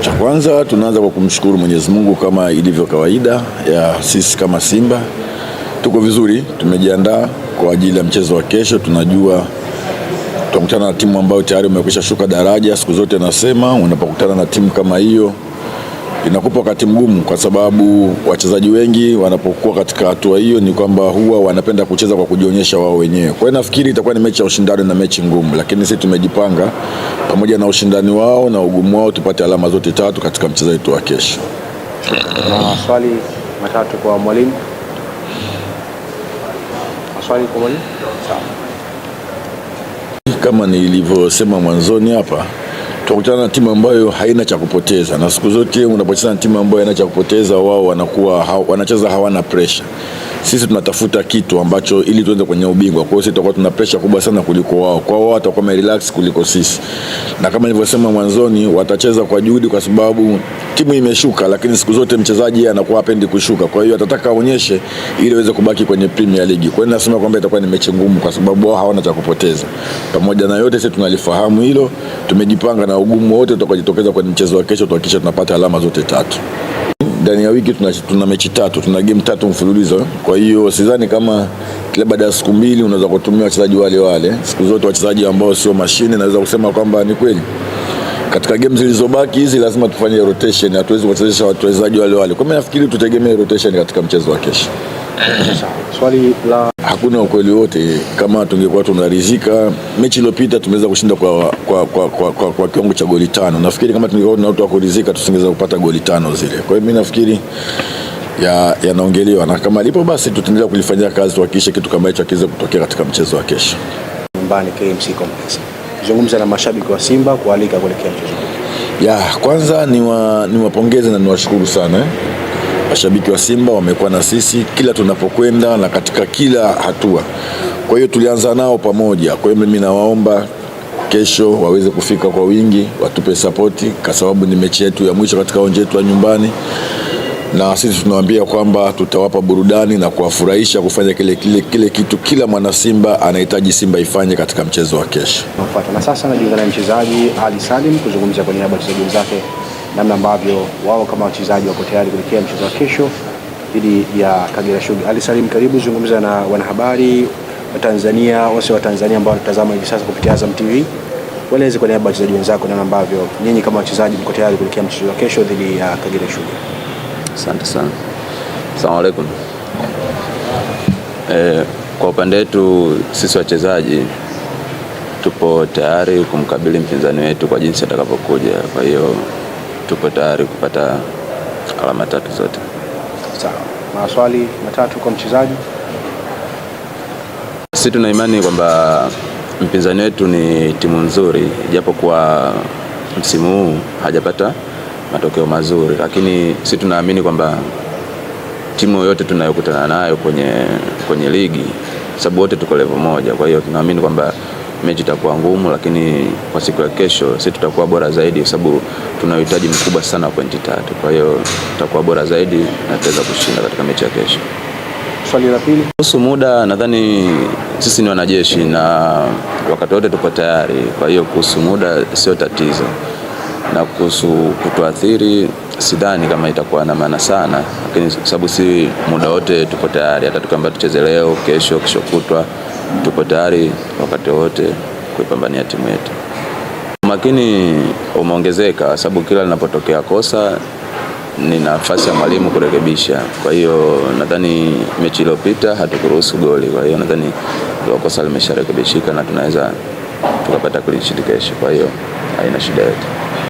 Cha kwanza tunaanza kwa kumshukuru Mwenyezi Mungu kama ilivyo kawaida ya sisi kama Simba. Tuko vizuri, tumejiandaa kwa ajili ya mchezo wa kesho. Tunajua tunakutana na timu ambayo tayari umekwisha shuka daraja. Siku zote nasema unapokutana na timu kama hiyo inakupa wakati mgumu, kwa sababu wachezaji wengi wanapokuwa katika hatua hiyo ni kwamba huwa wanapenda kucheza kwa kujionyesha wao wenyewe. Kwa hiyo nafikiri itakuwa ni mechi ya ushindani na mechi ngumu, lakini sisi tumejipanga pamoja na ushindani wao na ugumu wao tupate alama zote tatu katika mchezo wetu wa kesho. Maswali ah, matatu kwa mwalimu. Maswali kwa mwalimu. Kama nilivyosema mwanzoni hapa tutakutana na timu ambayo haina cha kupoteza, na siku zote unapocheza na timu ambayo haina cha kupoteza, wao wanakuwa wanacheza hawana pressure sisi tunatafuta kitu ambacho ili tuende kwenye ubingwa. Kwa hiyo sisi tutakuwa tuna pressure kubwa sana kuliko wao, kwa wao watakuwa relax kuliko sisi, na kama nilivyosema mwanzoni, watacheza kwa juhudi, kwa sababu timu imeshuka, lakini siku zote mchezaji anakuwa hapendi kushuka. Kwa hiyo atataka aonyeshe ili aweze kubaki kwenye Premier League. Kwa hiyo nasema kwamba itakuwa ni mechi ngumu, kwa sababu wao hawana cha kupoteza. Pamoja na yote, sisi tunalifahamu hilo, tumejipanga na ugumu wote utakaojitokeza kwenye mchezo wa kesho, tuhakikisha tunapata alama zote tatu ndani ya wiki tuna, tuna mechi tatu, tuna game tatu mfululizo. Kwa hiyo sidhani kama kila baada ya siku mbili unaweza kutumia wachezaji wale wale siku zote, wachezaji ambao sio mashine. Naweza kusema kwamba ni kweli katika game zilizobaki hizi lazima tufanye rotation, hatuwezi kuwachezesha wachezaji wale wale. Kwa mimi nafikiri tutegemee rotation katika mchezo wa kesho. Swali la hakuna ukweli wote. Kama tungekuwa tunaridhika, mechi iliyopita tumeweza kushinda kwa, kwa, kwa, kwa, kwa, kwa kiwango cha goli tano. Nafikiri kama tungekuwa na watu wa kuridhika, tusingeweza kupata goli tano zile. Kwa hiyo mimi nafikiri yanaongelewa ya na kama lipo basi, tutaendelea kulifanyia kazi tuhakikishe kitu kama hicho akiweze kutokea katika mchezo wa kesho nyumbani KMC Complex. Zungumza na mashabiki wa Simba kualika kuelekea mchezo. Ya kwanza ni wapongeze na niwashukuru sana eh. Mashabiki wa Simba wamekuwa na sisi kila tunapokwenda na katika kila hatua, kwa hiyo tulianza nao pamoja. Kwa hiyo mimi nawaomba kesho waweze kufika kwa wingi, watupe sapoti kwa sababu ni mechi yetu ya mwisho katika onje yetu ya nyumbani, na sisi tunawaambia kwamba tutawapa burudani na kuwafurahisha kufanya kile, kile, kile kitu kila mwana Simba anahitaji Simba ifanye katika mchezo wa kesho. Na sasa najiunga na mchezaji Ali Salim kuzungumza kwa niaba ya wachezaji wenzake namna ambavyo wao kama wachezaji wako tayari kuelekea mchezo wa kesho dhidi ya Kagera Sugar. Ali Salim, karibu zungumza na wanahabari wa Tanzania, wase wa Tanzania ambao wanatazama hivi sasa kupitia Azam TV. Waeleze kwa niaba ya wachezaji wenzako namna ambavyo nyinyi kama wachezaji mko tayari kuelekea mchezo wa kesho dhidi ya Kagera Sugar. Asante sana. Asalamu alaykum. Eh, kwa upande wetu sisi wachezaji tupo tayari kumkabili mpinzani wetu kwa jinsi atakavyokuja. Kwa hiyo tupo tayari kupata alama tatu zote. Sawa. Maswali matatu kwa mchezaji. Sisi tuna imani kwamba mpinzani wetu ni timu nzuri, japo kwa msimu huu hajapata matokeo mazuri, lakini sisi tunaamini kwamba timu yoyote tunayokutana nayo kwenye, kwenye ligi, sababu wote tuko level moja, kwa hiyo tunaamini kwamba mechi itakuwa ngumu, lakini kwa siku ya kesho sisi tutakuwa bora zaidi, kwa sababu tuna uhitaji mkubwa sana wa pointi tatu. Kwa hiyo tutakuwa bora zaidi na tutaweza kushinda katika mechi ya kesho. Swali la pili kuhusu muda, nadhani sisi ni wanajeshi na wakati wote tupo tayari, kwa hiyo kuhusu muda sio tatizo, na kuhusu kutuathiri sidhani kama itakuwa na maana sana, lakini sababu si muda wote tupo tayari, hata tukiambia tucheze leo, kesho, kesho kutwa tupo tayari wakati wote kuipambania timu yetu. Umakini umeongezeka sababu kila linapotokea kosa ni nafasi ya mwalimu kurekebisha. Kwa hiyo nadhani mechi iliyopita hatukuruhusu goli, kwa hiyo nadhani hilo kosa limesharekebishika na tunaweza tukapata clean sheet kesho, kwa hiyo haina shida yote.